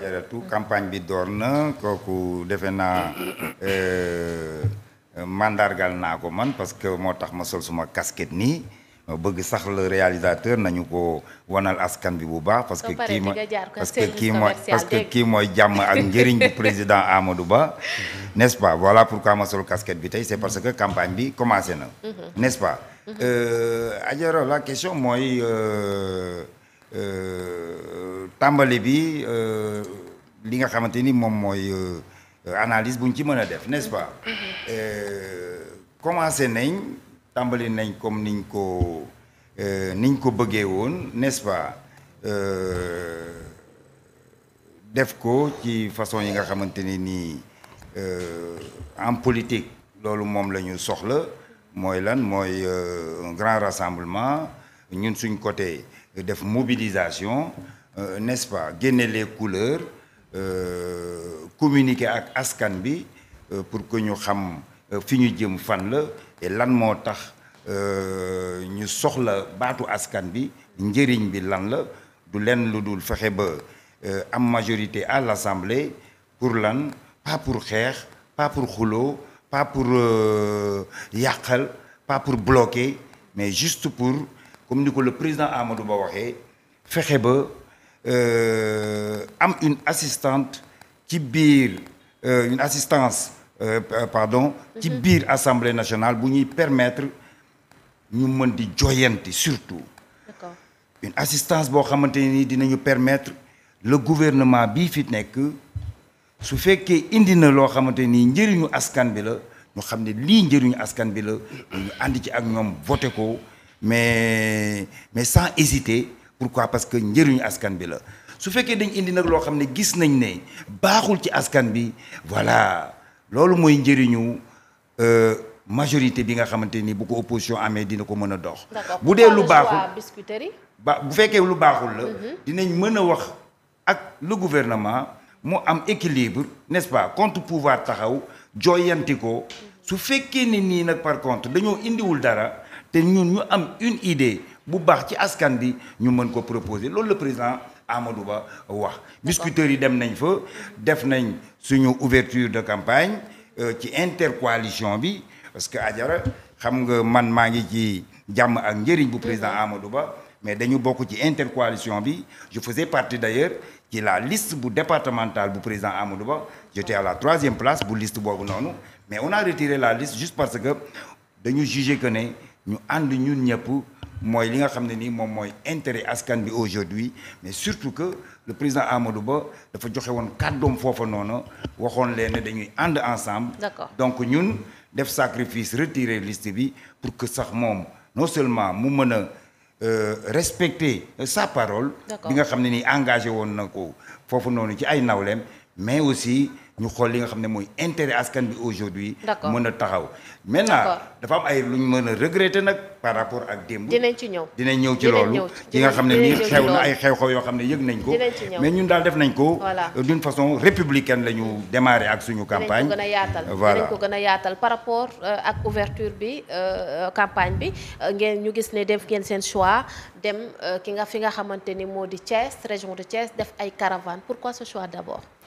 jaratu campagne bi door na kooku defe naa euh, mandargal naa ko man parce que moo tax ma sol suma casquette nii bëgg sax le réalisateur nañu ko wanal askan bi bu baax parce que kii mooy parce que kii mooy parce que kii mooy jàmm ak njëriñ bu président Amadou Ba nest pa pas voilà pourquoi ma sol casquette bi tey c'est parce que campagne bi commencé na mm-hmm. nest pa pas mm-hmm. euh, Adjara la question mooy euh, Euh, tàmbali bi euh, li nga xamante ni moom mooy euh, analyse bu ñu ci mën a def n'est-ce pas. Mm-hmm. commencé nañ tàmbali nañ comme niñ ko niñ ko bëggee woon n'est-ce pas def ko ci façon yi nga xamante ni nii en politique loolu moom la ñu soxla mooy lan mooy un grand rassemblement. ñun suñ côté def mobilisation euh, n'est-ce pas génne les couleurs euh, communiquer ak askan bi euh, pour que ñu xam fi ñu jëm fan la et lan moo tax ñu soxla baatu askan bi njëriñ bi lan la du leen lu dul fexe ba am majorité à l'Assemblée pour lan pas pour xeex pas pour xuloo pas pour yàqal pas pour bloquer mais juste pour comme ni ko le président Amadou Ba waxee fexe ba euh, am une assistante ci biir euh, une assistance euh, ci mhm. biir assemblée nationale bu ñuy permettre ñu mën di joyanti surtout une assistance boo xamante ni dinañu permettre le gouvernement bii fi nekk su fekkee indi na loo xamante ni njëriñu askan bi la ñu xam ne lii njëriñu askan bi la ñu ànd ci ak ñoom voté ko mais mais sans hésiter pourquoi parce que njëriñu askan bi la su fekkee dañ indi nag loo xam ne gis nañ ne baaxul ci askan bi voilà loolu mooy njëriñu euh, majorité bi nga xamante ni bu ko opposition amee dina ko mën a dox. bu dee lu baaxul biscuiterie ba bu fekkee lu baaxul la. Mhm. dinañ mën a wax ak le gouvernement mu am équilibre n'est-ce pas contre pouvoir taxaw joyanti ko su fekkee ne nii nag par contre dañoo indiwul dara. te ñun ñu am une idée bu baax ci askan bi ñu mën ko proposer loolu le président Amadou Ba wax biscuteurs yi dem nañ fa def nañ suñu ouverture de campagne euh, ci intercoalition bi parce que Ajara xam nga man maa ngi ci jàmm ak njëriñ bu président Amadou Ba mais dañu bokk ci intercoalition bi je faisais partie d'ailleurs ci la liste bu départementale bu président Amadou Ba j'étais à la troisième place bu liste boobu noonu mais on a retiré la liste juste ñu ànd ñun ñëpp mooy li nga xam ne nii moom mooy intérêt askan bi aujourd'hui mais surtout que le président Amadou Ba dafa joxe woon kàddoom foofa noonu waxoon leen ne dañuy ànd ensemble d'accord donc ñun def sacrifice retirer liste bi pour que sax moom non seulement mu mën a euh, respecter sa parole bi nga xam ne nii engagé woon na ko foofu noonu ci ay nawleem mais aussi ñu xool li nga xam ne mooy intérêt askan bi aujourd'hui mën a taxaw maintenant dafa am ay lu ñu mën a regretter nag par rapport ak démb dinañ ci ñëw dinañ ñëw ci loolu ci nga xam ne nii xew na ay xew yoo xam ne yëg nañ ko mais ñun daal def nañ ko euh, d'une façon républicain la ñu démarrer ak suñu campagne dinañ ko gën a gën a yaatal par rapport euh, ak ouverture bi euh, campagne bi ngeen ñu gis ne def ngeen seen choix dem ki nga fi nga xamante ni moo di Thiès région de Thiès def ay caravane pourquoi ce choix d'abord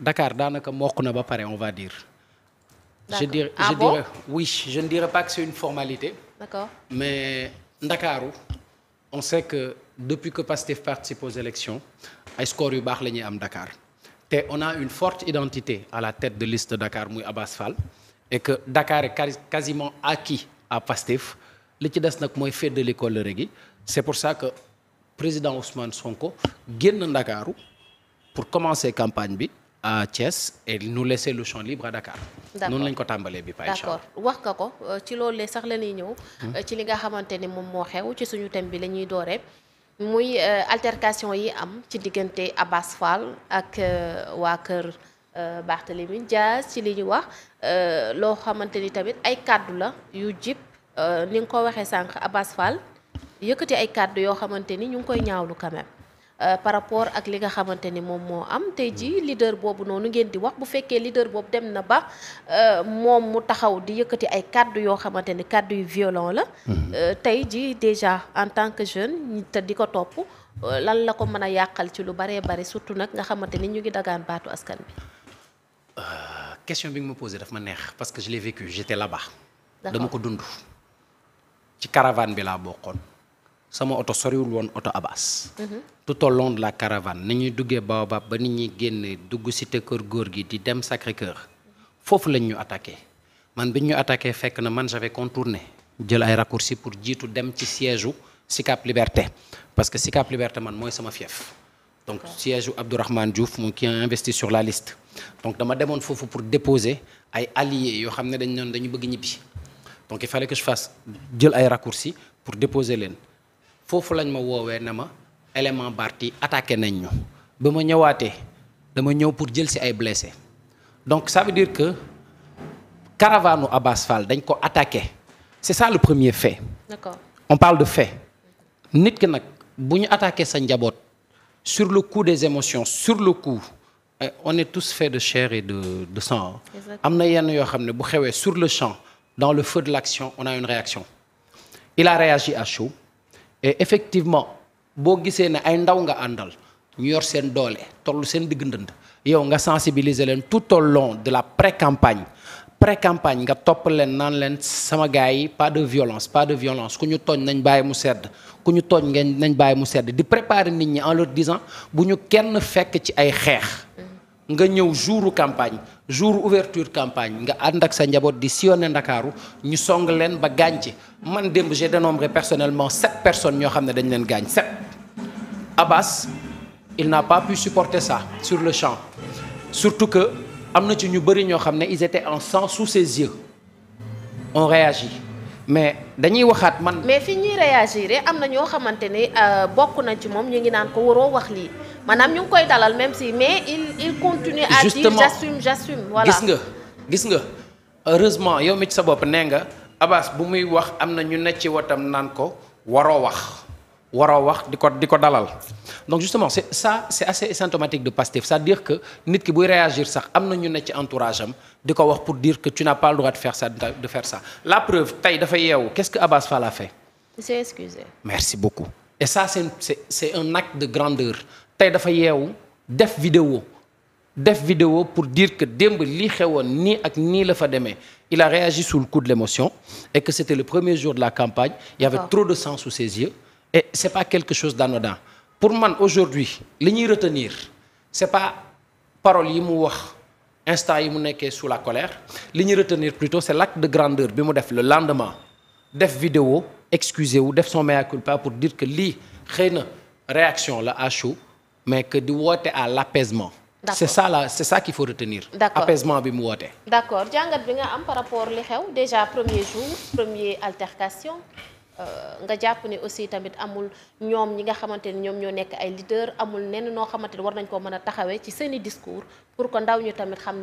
Dakar daanaka mokk na ba pare on va dire. je dirais ah je bon? dirais oui je ne dirais pas que c'est une formalité. d'accord mais Ndakaaru on sait que depuis que Pastef participe aux élections ay scores yu baax la ñuy am Dakar te on a une forte identité à la tête de liste Dakar muy Abass Fall et que Dakar est quasiment acquis à Pastef li ci des nag mooy féddali kóllëre gi c'est pour ça que président Ousmane Sonko génn Ndakaaru pour commencer campagne bi. à Thiès et nous laisser le champ libre Dakar. noonu lañ ko tàmbalee bi pa incha wax nga ko euh, ci loolu loolee sax la ñëw. Hmm. Euh, ci li nga xamante ni moom moo xew ci suñu thème bi lañuy ñuy dooree. muy euh, altercation yi am ci diggante Abass Fall ak waa kër baax Barthélémy Dias ci li ñu wax loo xamante ni tamit ay kàddu la yu jib ni nga ko waxee sànq Abass Fall yëkkati ay kàddu yoo xamante ni ñu ngi koy ñaawlu quand Euh, par rapport ak li nga xamante ni moom moo am tey jii hmm. leader boobu noonu ngeen di wax bu fekkee leader boobu dem na ba euh, moom mu taxaw di yëkkati ay kàddu yoo xamante ni kàddu yu violon la hmm. euh, tey jii déjà en tant que jeune ñi te di ko topp lan la ko mën a yàqal ci lu baree bari surtout nag nga xamante ni ñu ngi dagaan baatu askan bi question bi nga ma posé daf ma neex parce que je l'ai vécu j'étais là-bas dama ko dund ci caravane bi laa bokkoon sama oto soriwul woon oto Abass. Mhm. tout au long de la caravane ni ñuy duggee Baobab ba nit ñi génn dugg cité kër góor gi di dem Sacré-Cœur foofu lañ ñu attaqué man biñ ñu attaqué fekk na man j'avais contourné jël ay raccourcis pour jiitu dem ci siège u Sicap Liberté parce que Sicap Liberté man mooy sama fief donc siège u Abdourahmane Diouf moom qui a investi sur la liste donc dama demoon foofu pour déposer ay alliés yoo xam ne dañ noon dañu bëgg ñibbi donc il fallait foofu lañ ma woowee ne ma élément Barti attaqué nañ ñu ba ma ñëwaatee dama ñëw pour jël si ay blessé donc ça veut dire que caravane Abbas Fall dañ ko attaqué c'est ça le premier fait. D'accord. on parle de fait nit ki nag bu ñu attaqué sa njaboot sur le coup des émotions sur le coup eh, on est tous faits de cher et de de sang. am na yenn yoo xam ne bu xewee sur le champ dans le feu de l'action on a une réaction il a réagi à chaud. et effectivement boo gisee ne ay ndaw nga àndal ñu yor seen doole toll seen digg ndënd yow nga sensibiliser leen tout au long de la pré-campagne pré-campagne nga topp leen naan leen sama gars yi pas de violence pas de violence ku ñu tooñ nañ bàyyi mu sedd ku ñu tooñ ngeen nañ bàyyi mu sedd di préparer nit ñi en leur disant bu ñu kenn fekk ci ay xeex nga ñëw jouru campagne jour ouverture campagne nga ànd ak sa njaboot di sillonner Ndakaaru ñu song leen ba gaañ ci man démb j'ai dénombré personnellement sept personnes ñoo xam ne dañ leen gaañ sept Abbas il n'a pas pu supporter ça sur le champ surtout que am na ci ñu bëri ñoo xam ne ils étaient en sang sous ses yeux on réagit mais dañuy waxaat man. mais fi ñuy réagir am na ñoo xamante ne euh, bokk nañ ci moom ñu ngi naan ko waroo wax lii. maanaam ñu ngi koy dalal même si mais il continue à dire j'assume j'assume gis nga gis nga heureusement yow mi ci sa bopp nee nga Abbas bu muy wax am na ñu ne ci watam naan ko waroo wax waroo wax di ko di ko dalal donc justement c'est ça c'est assez symptomatique de Pastef cest dire que nit ki buy réagir sax am na ñu ne ci entourage am di ko wax pour dire que tu n'as pas le droit de faire ça de la preuve tey dafa yeewu qu'est-ce que Abbas Fall a fait il merci beaucoup et ça c'est c'est un acte de grandeur tey dafa yeewu def vidéo def vidéo pour dire que démb lii xewoon nii ak nii la fa demee il a réagi sous le coup de l'émotion et que c'était le premier jour de la campagne il y avait ah. trop de sang sous ses yeux et c'est pas quelque chose d'anodin pour man aujourd'hui li ñuy retenir c'est pas parole yi mu wax instant yi mu nekkee sous la colère li ñuy retenir plutôt c'est l'acte de grandeur bi mu def le lendemain def vidéo excusez wu def son mea culpa pour dire que lii xëy na réaction la à chaud mais que di woote à l' apaisement. d' ça la c' ça qu' faut retenir. d' accord apaisement bi mu woote. d' accord jàngat bi nga am par rapport li xew déjà premier jour premier altercation. Euh, nga jàpp ne aussi tamit amul ñoom ñi nga xamante ni ñoom ñoo nekk ay leader amul nenn noo xamante ni war nañ ko mën a taxawee ci seeni discours pour que ndaw ñu tamit xam ne